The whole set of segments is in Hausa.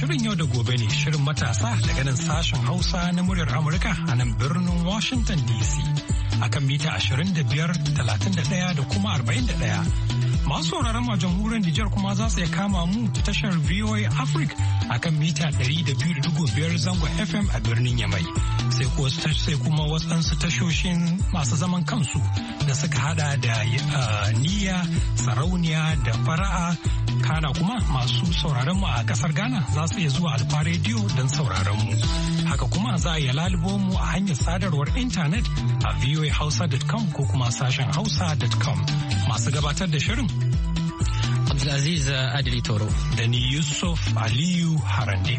Shirin yau da gobe ne shirin matasa daga nan sashen Hausa na muryar Amurka a nan birnin Washington DC akan mita 25, 31 da kuma 41. masu sauraron a jamhuriyar Nijar kuma za su iya kama mu tashar VOA Africa a kan mita 200.5 zango FM a birnin Yamai. Sai sai kuma wasansu tashoshin masu zaman kansu da suka hada da eh, niyya, sarauniya da fara'a Kana kuma masu sauraron mu a kasar Ghana za su iya zuwa Alfa Radio don sauraron mu. Haka kuma za a yi lalubo mu a hanyar sadarwar intanet a voahausa.com ko kuma sashen hausa.com. Masu gabatar da shirin. Abdulaziz uh, Adili Toro. Da ni Yusuf Aliyu Harande.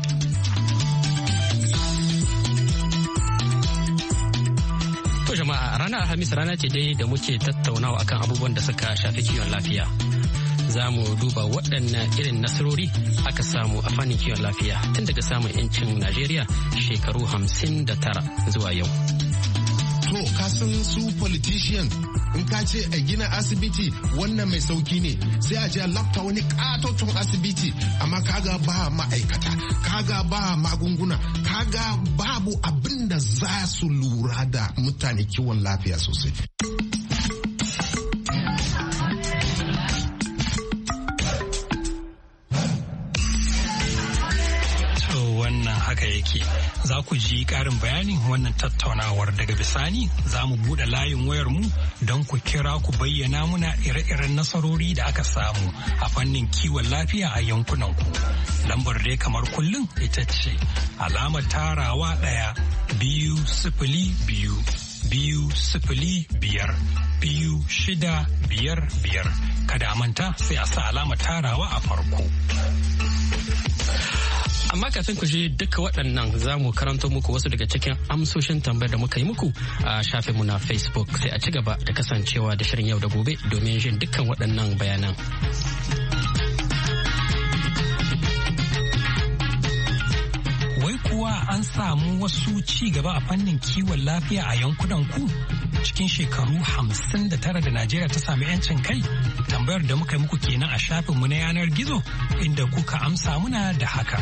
To jama'a ranar Alhamis rana ce dai da muke tattaunawa akan abubuwan da suka shafi kiwon lafiya. za mu duba waɗanne irin nasarori aka samu a fannin kiwon lafiya tun daga samun 'yancin najeriya shekaru hamsin da tara zuwa yau to kasan su politician in ka ce a gina asibiti wannan mai sauki ne sai a je a lafta wani katotun asibiti amma kaga ba ma'aikata kaga ba magunguna kaga babu abin da za su lura da mutane kiwon lafiya sosai haka yake za ku ji karin bayanin wannan tattaunawar daga bisani za mu buɗe layin wayar mu don ku kira ku bayyana muna ire-iren nasarori da aka samu a fannin kiwon lafiya a yankunan ku lambar dai kamar kullum ita ce alama tarawa ɗaya biyu sifili biyu biyu sifili biyar biyu shida biyar biyar kada manta sai a sa alama tarawa a farko Amma kafin ku je duka waɗannan za mu karanto muku wasu daga cikin amsoshin tambayar da muka yi muku a shafin mu na Facebook sai a ci gaba da kasancewa da shirin yau da gobe domin jin dukkan waɗannan bayanan. Wai kuwa an samu wasu ci gaba a fannin kiwon lafiya a yankunan ku? cikin shekaru hamsin da tara da Najeriya ta sami 'yancin kai? Tambayar da muka yi muku kenan a shafinmu na yanar gizo inda kuka amsa muna da haka.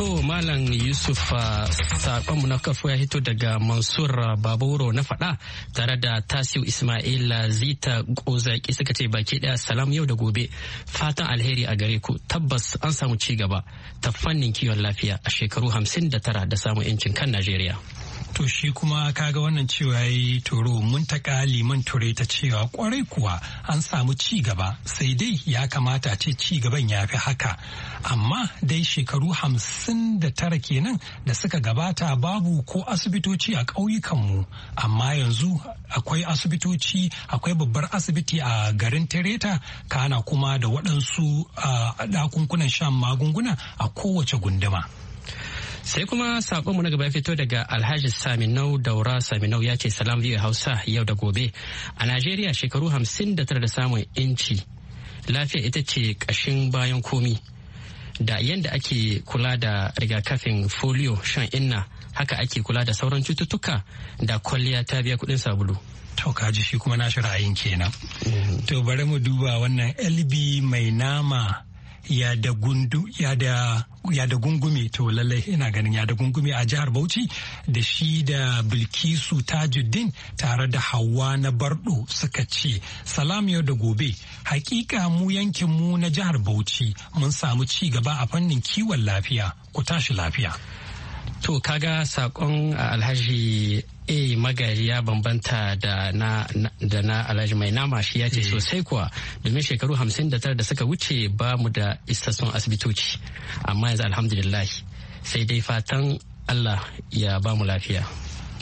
To Malam Yusuf ah, sakonmu na kafu ya hito daga Mansur ah, Baburo na faɗa tare da Tasiu Ismail ah, Zita Kozaki suka ce baki ɗaya salam yau da gobe fatan alheri a gare ku tabbas an samu ci gaba ta fannin kiwon lafiya a shekaru hamsin da tara da samun 'yancin kan Najeriya. to shi kuma kaga wannan cewa yi toro mun taka liman ture ta cewa kwarai kuwa an samu ci gaba sai dai ya kamata ce ci gaban ya fi haka amma dai shekaru hamsin da tara kenan da suka gabata babu ko asibitoci a ƙauyukanmu amma yanzu akwai asibitoci akwai babbar asibiti a garin tereta kana kuma da waɗansu ah, ɗakunkunan shan magunguna a kowace gunduma. sai kuma mu na gaba fito daga alhaji saminau daura saminau ya ce salam biyu hausa yau da gobe a najeriya shekaru hamsin da tara da samun inci lafiya ita ce kashin bayan komi da yadda ake kula da rigakafin folio shan inna haka ake kula da sauran cututtuka da kwalliya ta biya kudin sabulu to kaji shi kuma nashi ra'ayin kenan mm. to bari mu duba wannan lb mai nama ya da gungume to lallai ina ganin ya da gungume a jihar Bauchi da shi da Bilkisu Tajuddin tare da Hauwa na Bardo suka ce salam yau da gobe hakika mu yankin mu na jihar Bauchi mun samu ci gaba a fannin kiwon lafiya ku tashi lafiya To kaga sakon alhaji A magari ya bambanta da na, alhaji mai nama shi ya ce eh. sosai kuwa domin shekaru hamsin da tara da suka wuce ba mu da isassun asibitoci amma yanzu alhamdulillah sai dai fatan Allah ya ba mu lafiya.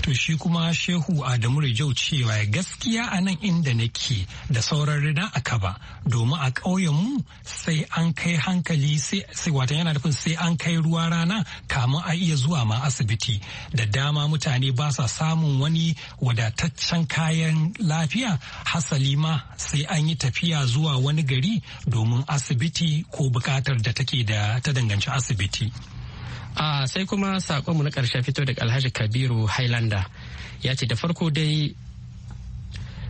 to shi kuma shehu adamu rijau cewa gaskiya a nan inda nake da sauran rina a kaba domin a ƙauyenmu sai an kai hankali sai wata yana nufin sai an kai ruwa rana kamun a iya zuwa ma asibiti da dama mutane ba sa samun wani wadataccen kayan lafiya hasali ma sai an yi tafiya zuwa wani gari domin asibiti ko bukatar da take da ta danganci asibiti. a sai kuma sakonmu na karshe fito daga alhaji kabiru highlander ya ce da farko dai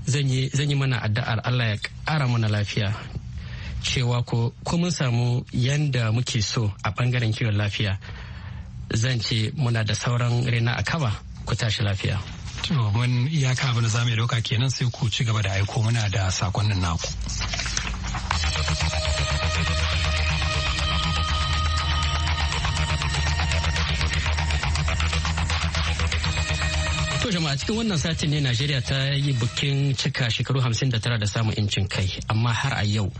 zan yi mana addu'ar allah ya ƙara mana lafiya cewa ko mun samu yanda muke so a bangaren kiwon lafiya zan ce muna da sauran rena a kaba ku tashi lafiya to mun iyaka abin da za mu ɗauka kenan sai ku ci gaba da aiko muna da sakonnin naku To jama'a cikin wannan satin ne Najeriya ta yi bikin cika shekaru 59 da samun incin kai amma har a yau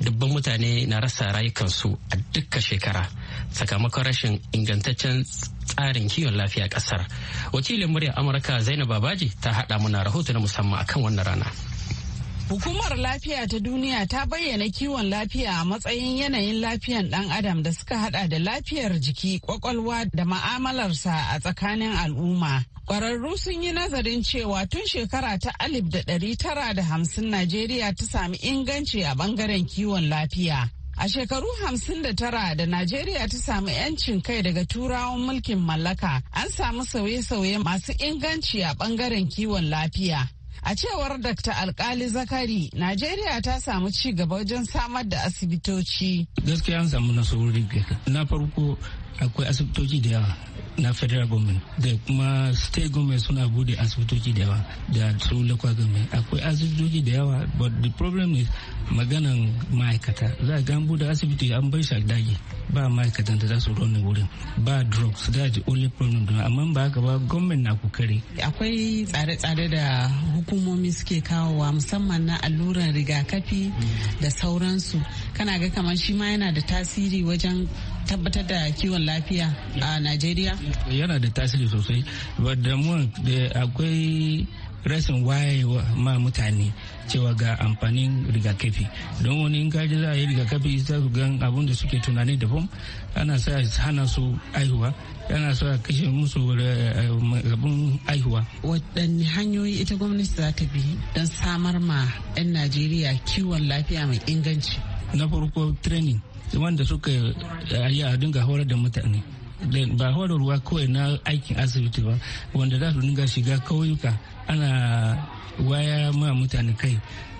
dubban mutane na rasa rayukansu a dukkan shekara sakamakon rashin ingantaccen tsarin kiwon lafiya kasar. Wakilin murya Amurka Zainab Babaji ta haɗa muna rahoto na musamman akan wannan rana. Hukumar lafiya ta duniya ta bayyana kiwon lafiya a matsayin yanayin lafiyan ɗan adam da suka hada da lafiyar jiki, kwakwalwa da ma'amalarsa a tsakanin al'umma. Ƙwararru sun yi nazarin cewa tun shekara ta alif da ɗari tara da hamsin Najeriya ta sami inganci a ɓangaren kiwon lafiya. A shekaru hamsin da tara da Najeriya ta samu 'yancin kai daga turawan mulkin mallaka, an samu sauye-sauye masu inganci a ɓangaren kiwon lafiya. A cewar Dr. Alkali Zakari, Najeriya ta samu ci gaba wajen samar da asibitoci. Gaskiya an samu nasarori na farko akwai asibitoci da yawa na federal government da kuma state government suna bude asibitoci da yawa da through local government akwai asibitoci da yawa but the problem is maganan ma'aikata za a gan bude asibiti an bai shi daji ba ma'aikatan da za su ronin wurin ba drugs da the only problem da amma ba haka ba government na kokari akwai tsare-tsare da hukumomi suke kawowa musamman na alluran rigakafi da sauransu kana ga kamar shi ma yana da tasiri wajen tabbatar da kiwon lafiya a Najeriya? Yana da tasiri sosai. da akwai rashin wayewa ma mutane cewa ga amfanin rigakafi don wani in kaji za a yi rigakafi za su gan abun da suke tunani da daban ana sa hana su aihuwa ana sa kashe musu eh, abun aihuwa waɗanne hanyoyi ita gwamnati za ta bi don samar ma 'yan najeriya kiwon lafiya mai inganci na farko training wanda suka yi a dinga horar da mutane ba horarwa kawai na aikin asibiti ba wanda za su dinga shiga kauyuka ana waya ma mutane kai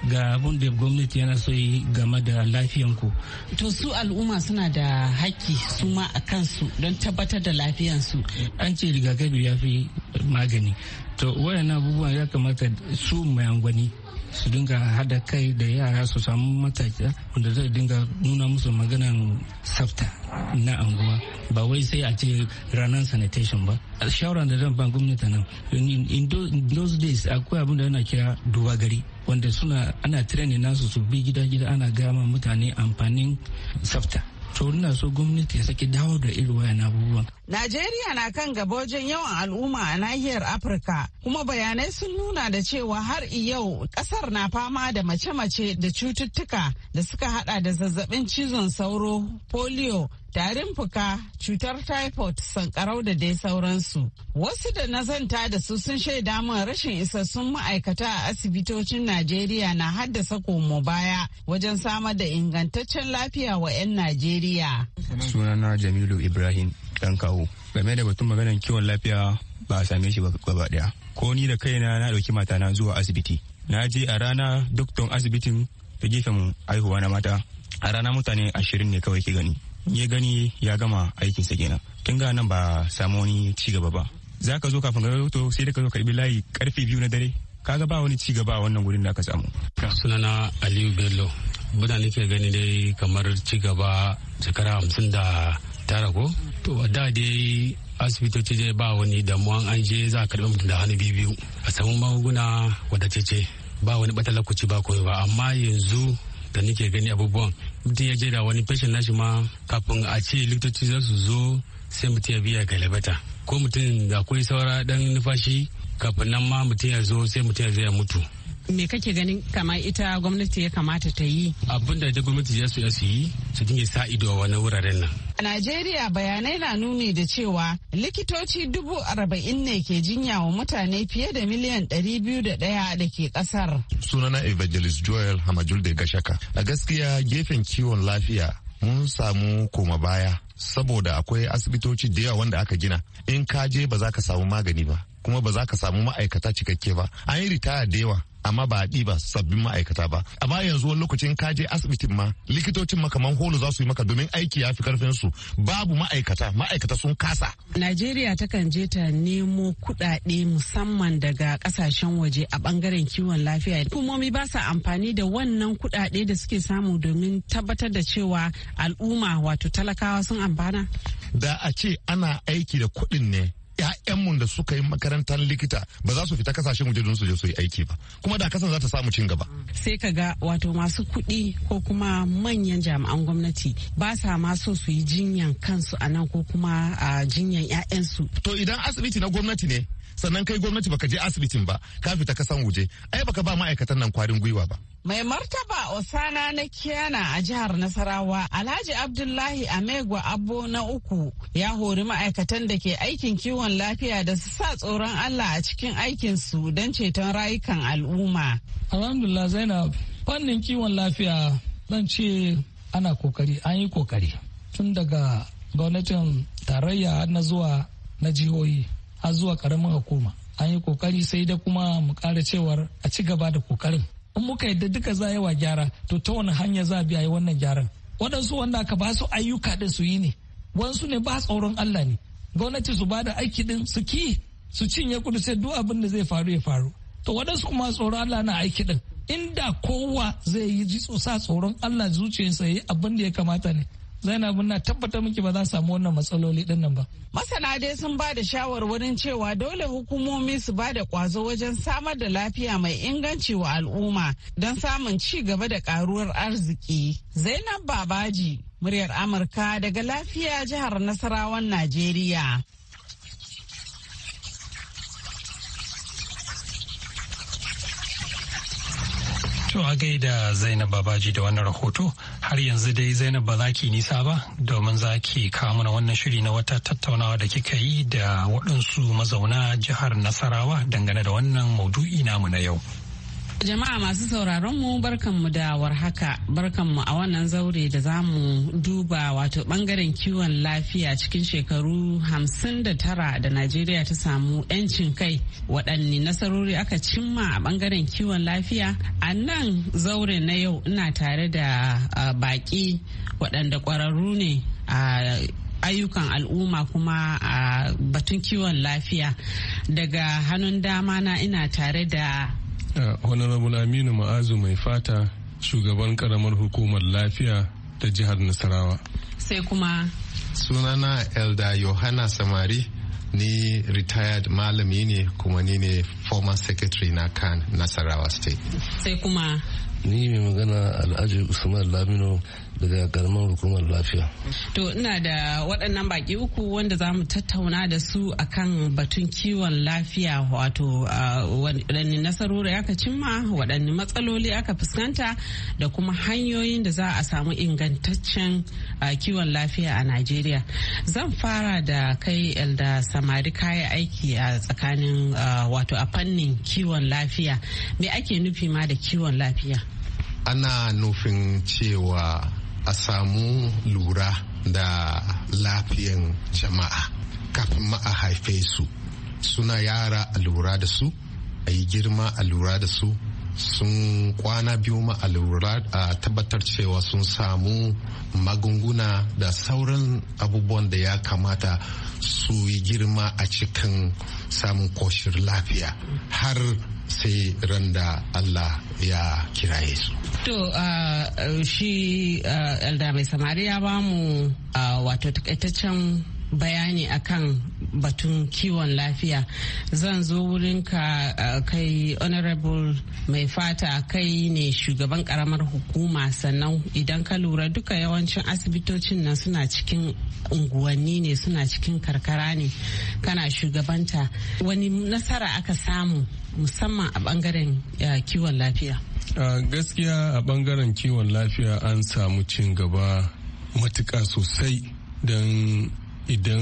ga abun da gwamnati yana so yi game da lafiyanku. To su al'umma suna da haƙƙi su ma a kansu don tabbatar da lafiyansu. An ce rigakafi ya fi magani. To wayannan abubuwan ya kamata su mai angwani su dinga hada kai da yara su samu mataki wanda zai dinga nuna musu maganan safta. na anguwa ba wai sai a ce ranar sanitation ba shawara da zan ba gwamnati nan in those days akwai abin da yana kira duba gari wanda suna ana training nasu su bi gida gida ana gama mutane amfanin safta. to ina so gwamnati ya saki dawo da irin wayan abubuwan. Najeriya na kan gaba wajen yawan al'umma a nahiyar Afirka kuma bayanai sun nuna da cewa har yau kasar na fama da mace-mace da cututtuka da suka hada da zazzabin cizon sauro, polio, tarin fuka, cutar typhoid, sankarau da dai sauransu. Wasu da nazanta da su sun shaida min rashin isassun ma'aikata a asibitocin Najeriya na haddasa komo baya wajen samar da ingantaccen lafiya wa 'yan Najeriya. Sunana Jamilu Ibrahim dan kawo. Game da batun maganar kiwon lafiya ba a same shi gaba daya Ko ni da kaina na ɗauki matana zuwa asibiti. Na je a rana dokton asibitin ta gefen haihuwa na mata. A rana mutane ashirin ne kawai ke gani. ya gani ya gama aikinsa kenan kin ga nan ba samu wani ci gaba ba za ka zo kafin ka to sai da ka zo karbi layi karfe biyu na dare ka ga ba wani ci gaba a wannan gurin da aka samu sunana aliyu bello muna nake gani dai kamar ci gaba shekara hamsin da tara ko to a da dai asibitoci dai ba wani damuwan an je za a karbi mutum da hannu biyu a samu magunguna wadatacce ba wani batalakuci lokaci ba koyo ba amma yanzu da nake gani abubuwan mutum ya je da wani fashin nashi ma kafin a ce likitoci za su zo sai mutum ya biya galibata ko mutum da akwai saura dan nufashi kafin nan ma mutum ya zo sai mutum ya ya mutu me kake ganin kama ita gwamnati ya kamata ta yi abin da ita gwamnati ya su suyi su yi su dinga sa ido a wani wuraren nan a najeriya bayanai na nuni da cewa likitoci dubu arba'in ne ke jinya wa mutane fiye da miliyan ɗari biyu da ɗaya da ke ƙasar sunana evangelist joel hamajul de gashaka a gaskiya gefen kiwon lafiya mun samu koma baya saboda akwai asibitoci da yawa wanda aka gina in ka je ba za ka samu magani ba kuma ba za ka samu ma'aikata cikakke ba an yi ritaya da yawa amma ba a ɗiba sabbin ma'aikata ba amma yanzu wani lokacin ka je asibitin ma likitocin makaman holo za su yi maka domin aiki ya fi karfin su babu ma'aikata ma'aikata sun kasa najeriya takan je ta nemo kuɗaɗe musamman daga ƙasashen waje a ɓangaren kiwon lafiya hukumomi ba sa amfani da wannan kuɗaɗe da suke samu domin tabbatar da cewa al'umma wato talakawa sun amfana da a ce ana aiki da kuɗin ne ƴaƴanmu da suka yi makarantar likita ba za su fita kasashen waje don su je su yi aiki ba kuma da kasan za ta samu cin gaba sai ka ga wato masu kuɗi ko kuma manyan jami'an gwamnati ba sa ma so su yi jinyan kansu a nan ko kuma a jinyan 'ya'yansu. to idan asibiti na gwamnati ne sannan kai gwamnati baka je asibitin ba ka fita kasan waje ai baka ba ma'aikatan nan kwarin gwiwa ba mai martaba osana na Kiana a jihar nasarawa alhaji abdullahi amegwa abo na uku ya hori ma'aikatan da ke aikin kiwon lafiya da su sa tsoron allah a cikin aikin su don ceton rayukan al'umma alhamdulillah zainab fannin kiwon lafiya zan ce ana kokari an yi kokari tun daga gwamnatin tarayya na zuwa na jihohi A zuwa karamin hukuma an yi kokari sai da kuma mu ƙara cewar a ci gaba da kokarin in muka yadda duka za yawa gyara to ta wani hanya za a biya wannan gyaran waɗansu wanda aka ba su ayyuka da su yi ne wasu ne ba tsoron Allah ne gwamnati su ba da aiki din su ki su cinye kudu sai duk abin da zai faru ya faru to waɗansu kuma tsoron Allah na aiki din inda kowa zai yi ji sa tsoron Allah zuciyarsa ya yi abin da ya kamata ne Zainab na tabbatar miki ba za samu wannan matsaloli din nan ba. Masana dai sun ba da shawarwarin cewa dole hukumomi su ba da kwazo wajen samar da lafiya mai inganci wa al'umma don samun ci gaba da karuwar arziki. Zainab Babaji, muryar Amurka daga lafiya jihar Nasarawan Najeriya. To a gaida Zainab Babaji da wannan rahoto har yanzu dai Zainab ba za ki nisa ba domin za ki kawo na wannan shiri na wata tattaunawa da kika yi da waɗansu mazauna jihar Nasarawa dangane da wannan maudu'i namu na yau. Jama'a masu sauraron mu barkanmu da warhaka barkanmu a wannan zaure da za mu duba wato bangaren kiwon lafiya cikin shekaru 59 da Najeriya ta samu 'yancin kai waɗanne nasarori aka cimma a bangaren kiwon lafiya. A nan zaure na yau ina tare da baƙi waɗanda ƙwararru ne a ayyukan al'umma kuma a batun kiwon lafiya daga hannun dama na ina tare da Uh, honorable aminu ma'azu mai fata shugaban karamar hukumar lafiya ta jihar nasarawa sai kuma sunana elda yohana samari ni retired malami ne kuma ni ne former secretary na kan nasarawa state sai kuma ni mai magana alhaji usman lamino daga garman hukumar lafiya to ina da waɗannan baki uku wanda za mu tattauna da su akan batun kiwon lafiya wato waɗanne nasarori aka cimma waɗanne matsaloli aka fuskanta da kuma hanyoyin da za a samu ingantaccen kiwon lafiya a najeriya zan fara da kai elda samari kaya aiki a tsakanin wato a fannin kiwon lafiya me ake nufi ma da kiwon lafiya ana nufin cewa a samu lura da lafiyan jama'a kafin ma a haife su suna yara a lura da su a yi girma a lura da su sun kwana biyu ma a lura a tabbatar cewa sun samu magunguna da sauran abubuwan da ya kamata su yi girma a cikin samun koshin lafiya har sai randa Allah ya kiraye su. To shi Elda Mai Samari ya ba mu wato takaitaccen bayani akan batun kiwon lafiya zan zo wurin ka kai honorable mai fata kai ne shugaban karamar hukuma sannan idan ka lura duka yawancin asibitocin nan suna cikin unguwanni ne suna cikin karkara ne kana shugabanta wani nasara aka samu musamman a bangaren kiwon lafiya gaskiya a bangaren kiwon lafiya an samu cin gaba matuka sosai don idan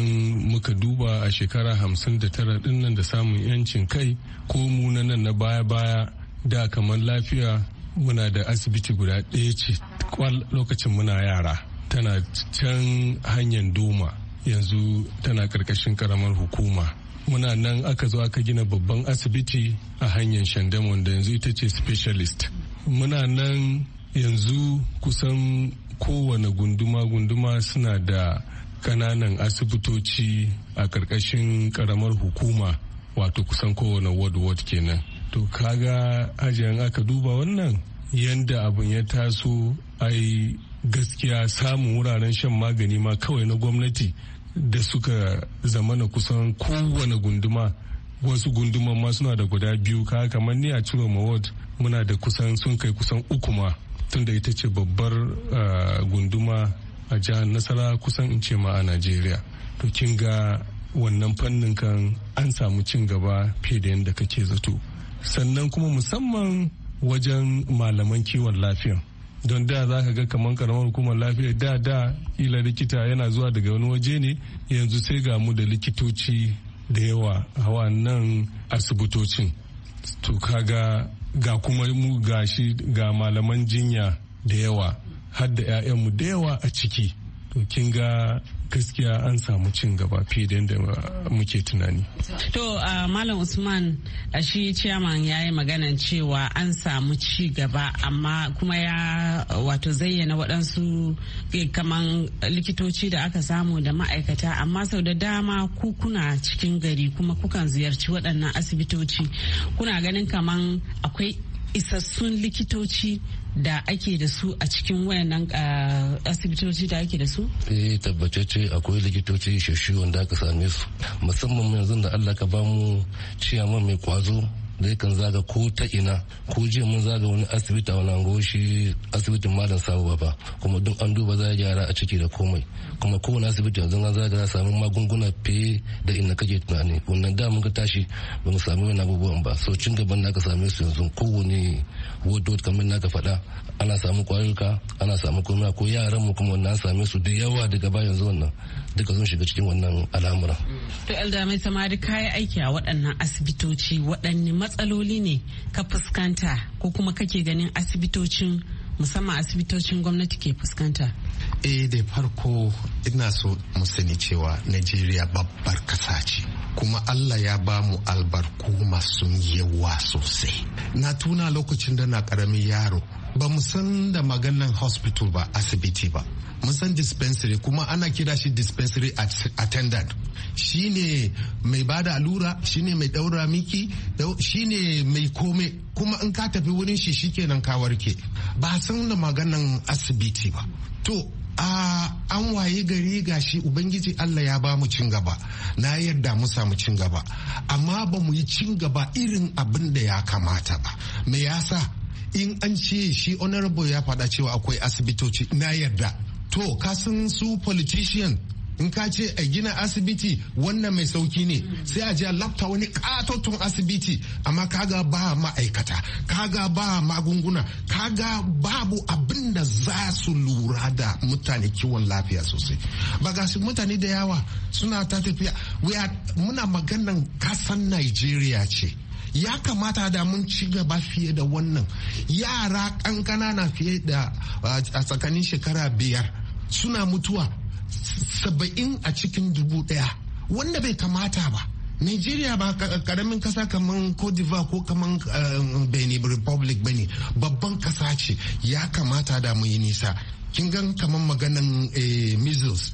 muka duba a shekara hamsin da tara dinnan da samun yancin kai ko mu na nan na baya-baya da kamar lafiya muna da asibiti guda ɗaya ce kwal lokacin muna yara tana can hanyar doma yanzu tana karkashin karamar hukuma muna nan aka zo aka gina babban asibiti a hanyar shandamon wanda yanzu ita ce specialist muna nan yanzu kusan kowane gunduma-gunduma suna da kananan asibitoci a ƙarƙashin ƙaramar hukuma wato kusan kowane ward-ward kenan to kaga ajiyar aka duba wannan yanda abin ya taso ai gaskiya samun wuraren shan magani ma kawai na gwamnati da suka zamana kusan kowane gunduma wasu gunduman ma suna da guda biyu ka kamar ni a ciro ward muna da kusan sun kai kusan uku ma tunda ita ce babbar eh, gunduma a jihar nasara kusan in ce ma a najeriya to kin ga wannan fannin kan an samu cin gaba fiye da yadda kake zato sannan kuma musamman wajen malaman kiwon lafiya don da za ka ga kamar karamar hukumar lafiya da da ila likita yana zuwa daga wani waje ne yanzu sai ga mu da likitoci da yawa a wannan asibitocin to kaga ga kuma mu gashi ga malaman jinya da yawa har da 'ya'yanmu da yawa a ciki to kin ga gaskiya an samu cin gaba fiye da yadda muke tunani. To Malam Usman shi ciyaman ya yi maganan cewa an samu ci gaba amma kuma ya wato zayyana waɗansu eh, kaman likitoci da aka samu da ma'aikata amma sau da dama ku kuna cikin gari kuma kukan ziyarci waɗannan asibitoci kuna ganin kaman akwai isassun likitoci da ake da su a cikin wayannan uh, asibitoci da ake da su? Eh tabbatacce akwai likitoci shashi wanda aka same su musamman yanzu da Allah ka ba bamu ciyama mai kwazo da kan zaga ko ta ina ko jiya mun zaga wani asibiti a wani angoshi asibitin malam sabu baba kuma duk an duba za gyara a ciki da komai kuma kowane asibiti yanzu an zaga samu magunguna fiye da ina kake tunani wannan da mun ka tashi ba mu samu wani abubuwan ba so cin gaban da aka same su yanzu kowane wadda kamar na ka faɗa ana samu kwayoyuka ana samu komai ko yaran mu kuma wannan same su da yawa daga bayan zuwan nan duka sun shiga cikin wannan al'amura. To Elda mai samari kayan aiki a waɗannan asibitoci waɗanne matsaloli ne ka fuskanta ko kuma kake ganin asibitocin musamman asibitocin gwamnati ke fuskanta? Eh da farko ina so mu sani cewa Najeriya babbar kasa ce. kuma Allah ya ba mu albarku masu yawa sosai. Na tuna lokacin da na ƙaramin yaro, ba mu san da maganan hospital ba, asibiti ba. Mun san dispensary kuma ana kira shi dispensary attendant. Shi ne mai ba da allura, shi ne mai daura miki, shi ne mai kome, kuma in ka tafi wurin shi kenan ka warke. Ba san da maganan asibiti ba. To, a an waye gari gashi ubangiji allah ya ba mu cin gaba na yarda mu samu cin gaba amma ba mu yi cin gaba irin abin da ya kamata ba me yasa in an ce shi honorable ya faɗa cewa akwai asibitoci na yarda to kasan su politician in ka ce a gina asibiti wannan mai sauki ne sai a je a lafta wani katoton asibiti amma kaga ba ma'aikata kaga ba magunguna kaga babu abin da za su lura da mutane kiwon lafiya sosai ba ga mutane da yawa suna ta tafiya muna maganan kasan Najeriya ce ya kamata da mun ci gaba fiye da wannan yara kankana na fiye da a tsakanin shekara biyar suna mutuwa saba'in a cikin dubu ɗaya wanda bai kamata ba Nigeria ba karamin kasa kaman Cote d'Ivoire ko kaman eh, Benin Republic bane babban kasa ce ya kamata da mu yi nisa kin gan kamar maganan eh, measles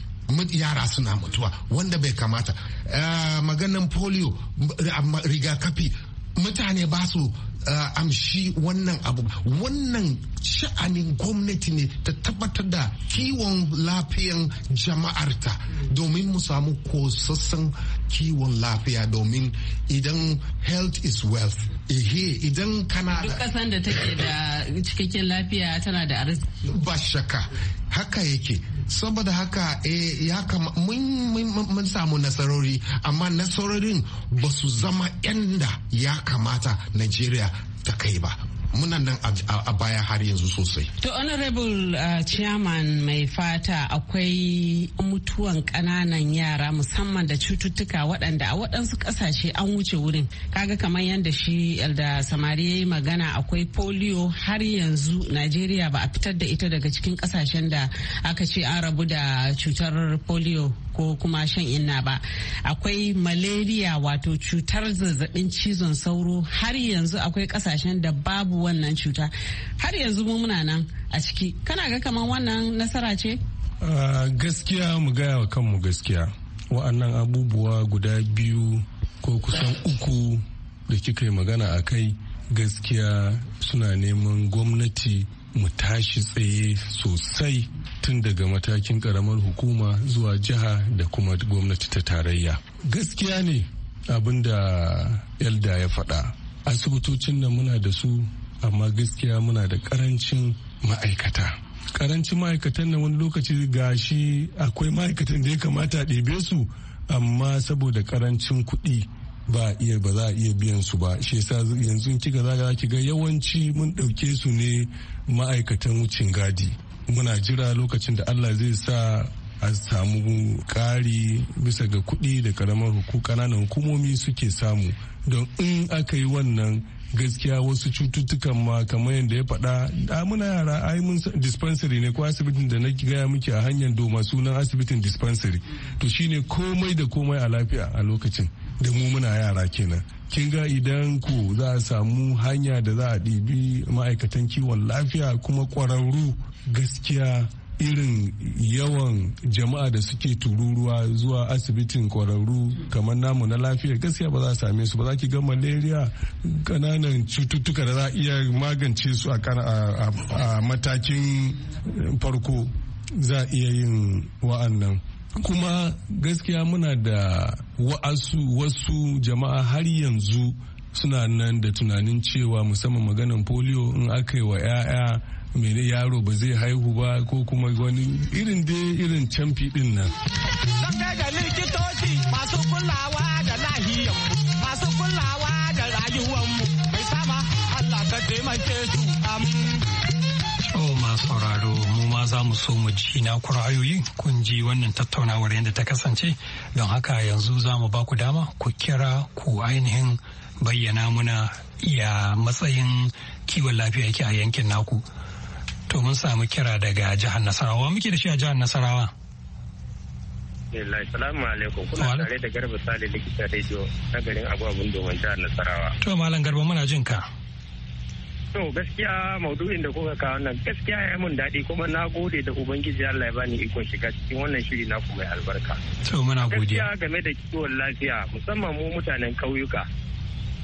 yara suna mutuwa wanda bai kamata eh, maganan polio rigakafi mutane ba su Uh, amshi wannan abu wannan sha'anin gwamnati ne ta tabbatar da kiwon lafiyan jama'arta domin mu samu kosassan kiwon lafiya domin idan health is wealth ehe idan kana duk kasan da take da cikakken lafiya tana da arziki ba shakka haka yake saboda haka eh, ya mun samu nasarori amma nasarorin ba su zama yanda ya kamata najeriya ta kai ba muna nan a baya har yanzu sosai. To honorable uh, chairman mai fata akwai mutuwan kananan yara musamman da cututtuka waɗanda a waɗansu ƙasashe an wuce wurin. Kaga kamar yadda shi da samari ya yi magana akwai polio har yanzu Najeriya ba a fitar da ita daga cikin ƙasashen da aka ce an rabu da cutar polio ko kuma shan inna ba. Akwai malaria wato cutar zazzabin cizon sauro har yanzu akwai ƙasashen da babu wannan cuta har yanzu mu muna nan a ciki kana ga kamar wannan nasara ce ah, gaskiya mu gaya wa kanmu gaskiya wa'annan abubuwa guda biyu ko kusan uku da kika yi magana a kai gaskiya suna neman gwamnati mu tashi tsaye sosai tun daga matakin karamar hukuma zuwa jiha da kuma gwamnati ta tarayya gaskiya ne abin da yalda ya faɗa asibitocin nan muna da su amma gaskiya muna da karancin ma'aikata karancin ma'aikatan na wani lokaci gashi akwai ma'aikatan da ya kamata a ɗebe su amma saboda karancin kuɗi ba iya ba za a iya biyan su ba shi yasa yanzu kika zaga ki ga yawanci mun ɗauke su ne ma'aikatan wucin gadi muna jira lokacin da allah zai sa a samu ƙari bisa ga kuɗi da karamar kananan hukumomi suke samu don in aka yi wannan gaskiya wasu cututtukan ma kamar yadda ya faɗa a muna yara ai mun dispensary ne ko asibitin da na gaya miki a hanyar doma sunan asibitin dispensary to shine komai da komai a lafiya a lokacin da mu muna yara kenan kin ga idan ku za a samu hanya da za a ɗibi ma'aikatan kiwon lafiya kuma kwararru gaskiya irin yawan jama'a da suke tururuwa zuwa asibitin kwararru kamar namu na lafiya gaskiya ba za a same su ba za ki ga malaria kananan cututtuka da za a iya magance su a matakin farko za a iya yin wa'annan kuma gaskiya muna da wa'asu wasu jama'a har yanzu suna nan da tunanin cewa musamman maganin polio in aka yi wa 'ya'ya mene yaro ba zai haihu ba ko kuma wani irin dai irin camfi din nan. Zan kai da likitoci masu kulawa da lahiyar masu kulawa da rayuwanmu mai sama Allah ka taimake su masu sauraro mu ma za mu so mu ji na ra'ayoyi kun ji wannan tattaunawar yadda ta kasance don haka yanzu za mu ba ku dama ku kira ku ainihin bayyana muna iya matsayin kiwon lafiya yake a yankin naku to mun samu kira daga jihar Nasarawa muke da shi a jihar Nasarawa Assalamu alaikum kuna tare da Garba Sale likita Radio. na garin Agwabun domin jihar Nasarawa To malam Garba muna jin ka To gaskiya maudu'in da kuka kawo nan gaskiya ya mun daɗi kuma na gode da Ubangiji Allah ya bani ikon shiga cikin wannan shiri na mai albarka. To muna godiya. Gaskiya game da kiwon lafiya musamman mu mutanen ƙauyuka.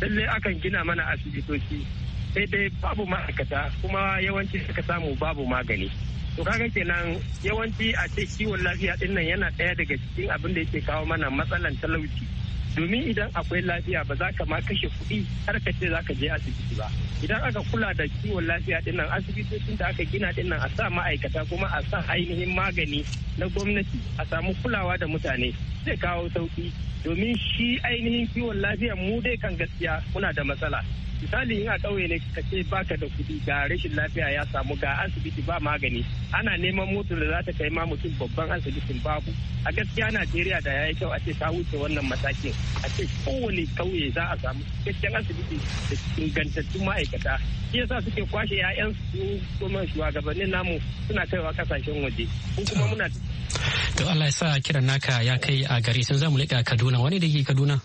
Lallai akan gina mana asibitoci sai dai babu ma'aikata kuma yawanci suka samu babu magani to kaga kenan yawanci a ce kiwon lafiya din nan yana ɗaya daga cikin abin da yake kawo mana matsalan talauci domin idan akwai lafiya ba za ka ma kashe kuɗi har ka ce za ka je asibiti ba idan aka kula da kiwon lafiya din nan asibitocin da aka gina din nan a sa ma'aikata kuma a sa ainihin magani na gwamnati a samu kulawa da mutane zai kawo sauki domin shi ainihin kiwon lafiya mu dai kan gaskiya muna da matsala misali in a ƙauye ne ka ce baka da kuɗi ga rashin lafiya ya samu ga asibiti ba magani ana neman motar da za ta kai ma mutum babban asibitin babu a gaskiya najeriya da ya yi kyau a ce ta wuce wannan matakin a ce kowane kauye za a samu cikakken asibiti da ingantattun ma'aikata shi yasa suke kwashe 'ya'yan su kuma shugabannin namu suna kaiwa kasashen waje ko kuma muna to Allah ya sa kiran naka ya kai a gari sun zamu leƙa Kaduna wani da ke Kaduna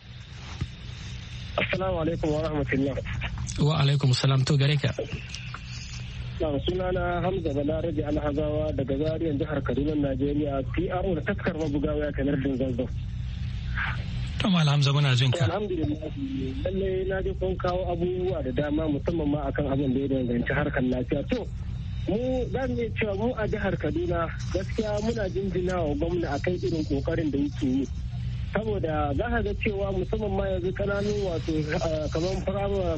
Assalamu alaikum wa rahmatullah. wa alaikum salam to gare ka sunana hamza balarabe alhazawa daga zariyar jihar kaduna najeriya pro da taskar mabugawa ya kanar din zazzau to mal hamza muna jin ka alhamdulillah lallai na ji kun kawo abubuwa da dama musamman ma akan abin da ya danganci harkar lafiya to mu zan iya cewa mu a jihar kaduna gaskiya muna jinjina wa gwamna akan irin kokarin da yake yi saboda za ka ga cewa musamman ma yanzu kananun wato eh, kamar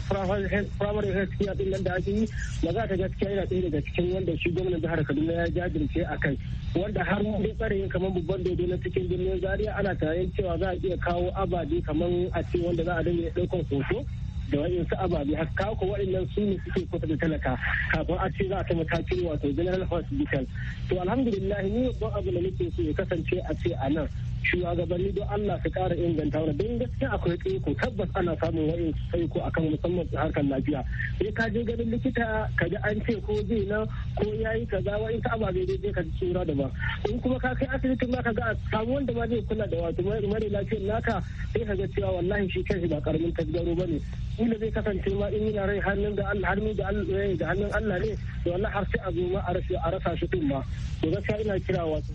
primary health care din nan da ake yi maza ta gaskiya yana ɗaya daga cikin wanda shi gwamnan jihar Kaduna ya jajirce a kai wanda har mun tsare yin kamar babban dodo na cikin birnin Zaria ana tarayyar cewa za a iya kawo ababe kamar a ce wanda za a dinga ɗaukar hoto da su ababe har kawo waɗannan su ne suke kusa da talaka kafin a ce za a ta matakin wato general hospital to alhamdulillah ni babban abu da nake so ya kasance a ce a nan shugabanni don Allah su kara inganta wani don gaskiya akwai tsaiko tabbas ana samun wa'in tsaiko akan musamman harkar lafiya sai ka je ganin likita ka ji an ce ko zai na ko ya yi kaza wa'in ta ababe dai zai ka ji tsura da ba in kuma ka kai asibitin ma ka ga samu wanda ba zai kula da wato mare lafiyar naka sai ka ga cewa wallahi shi shi ba karamin tasgaro ba ne kila zai kasance ma in yana rai hannun da Allah hannun da eh, Allah ne to wallahi har sai a zo ma a rasa shi tun ma to gaskiya ina kira wato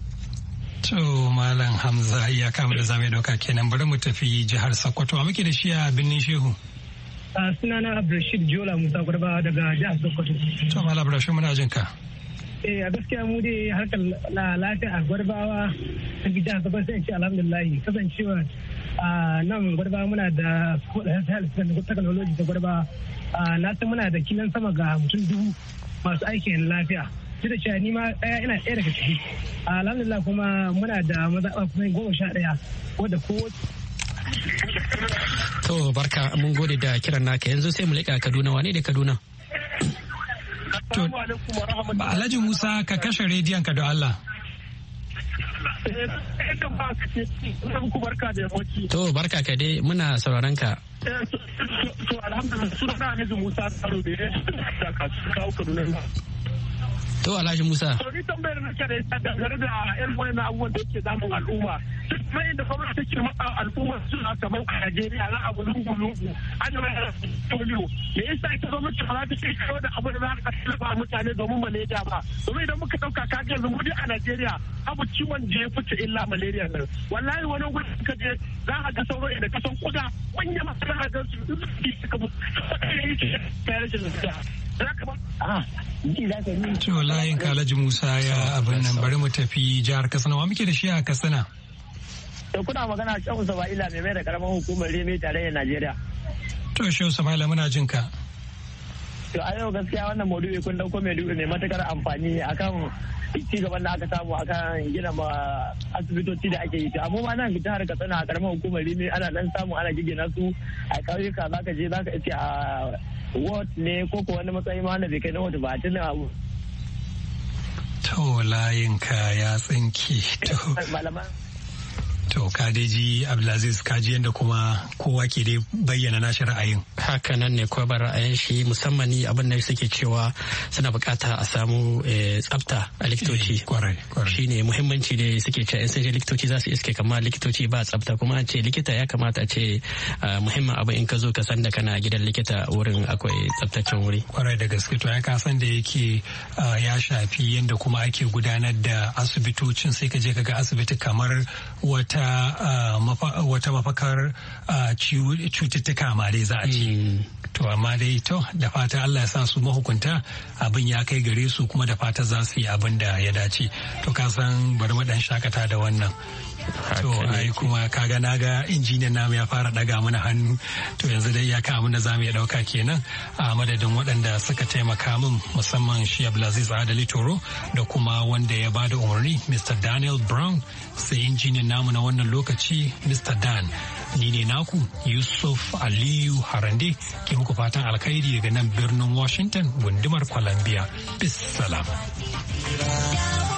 To Malam Hamza ya kama da zamu doka kenan bari mu tafi jihar Sokoto a muke da shi a birnin Shehu. A Sunana Abdulrashid Jola Musa Gurba daga jihar Sokoto. To Malam Abdulrashid muna jinka. ka. Eh a gaskiya mu dai harkar lafiya a Gurbawa ta jihar Sokoto sai ce alhamdulillah kasancewa a nan Gurbawa muna da technology ta Gurbawa na san muna da kilan sama ga mutum dubu masu aikin lafiya. duk da cewa ni ma ɗaya ina ɗaya daga ciki alhamdulillah kuma muna da mazaɓa kuma goma sha ɗaya wadda ko To barka mun gode da kiran naka yanzu sai mu leƙa Kaduna wane da Kaduna? Alhaji Musa ka kashe rediyon ka eh, eh, da Allah. To barka ka dai muna sauraron ka. Eh, to alhamdulillah suna na Alhaji Musa Saro da ya shi da kasu kawo Kaduna. To Alhaji Musa. To ni tambayar na kare dangane da irin wannan abubuwan da yake damun al'umma. Duk mai da gwamnati take matsa al'umma suna kamar a Najeriya na abu lungu lungu an mai polio. Me yasa ita gwamnati ba za ta kai kawo da abu da za ka tallafa mutane domin malaria ba. Domin idan muka dauka ka ga yanzu a Najeriya abu ciwon da ya illa malaria nan. Wallahi wani gurin ka je za ka ga sauro da kasan kuda manya masana ga su suka mutu. Kare shi kare shi To layin Kalaji Musa ya abin nan bari mu tafi jihar Katsina wa muke da shi a Katsina. To kuna magana Shehu Sama'ila mai mai da karamar hukumar Reme tarayyar Najeriya. To Shehu Sama'ila muna jin ka. To a yau gaskiya wannan maudu'i kun dauko mai mai matakar amfani akan ci gaban da aka samu akan gina ma asibitoci da ake yi to amma ma nan jihar Katsina a karamar hukumar Reme ana dan samu ana gigina su a kauyuka zaka je zaka ce a ward ne ko ko wani matsayi ma na bai na ward ba tuna abu to layin ka ya tsinki To kadeji Abdulaziz kaji yadda kuma kowa ke dai bayyana nashi ra'ayin. Haka nan ne kowa ra'ayin shi musamman ni abin da suke cewa suna bukata a samu eh, tsafta a likitoci. Eh, shi ne muhimmanci da suke cewa yan je likitoci za su iske kama likitoci ba tsafta kuma ce likita ya kamata ce muhimmin abu in ka zo ka san da kana gidan likita wurin akwai tsaftacen wuri. Kwarai da gaske to ya ka san da yake ya shafi yadda kuma ake gudanar da asibitocin sai ka je ka ga asibiti kamar wata wata uh, wata mafakar uh, cututtuka ma dai za a ce mm. to amma dai to da fata Allah ya sa su mahukunta abin ya kai gare su kuma da fata za su yi abin da ya dace to ka san bari mu dan shakata da wannan To ai kuma kaga na ga injiniyan namu ya fara daga mana hannu to yanzu dai ya kawo abin da za mu iya dauka kenan a madadin waɗanda suka taimaka min musamman shi Abdulaziz Adali Toro da kuma wanda ya bada umarni Mr. Daniel Brown sai injiniyan namu na wannan lokaci Mr. Dan ni ne naku Yusuf Aliyu Harande ke muku fatan alkhairi daga nan birnin Washington gundumar Columbia. Bis salam.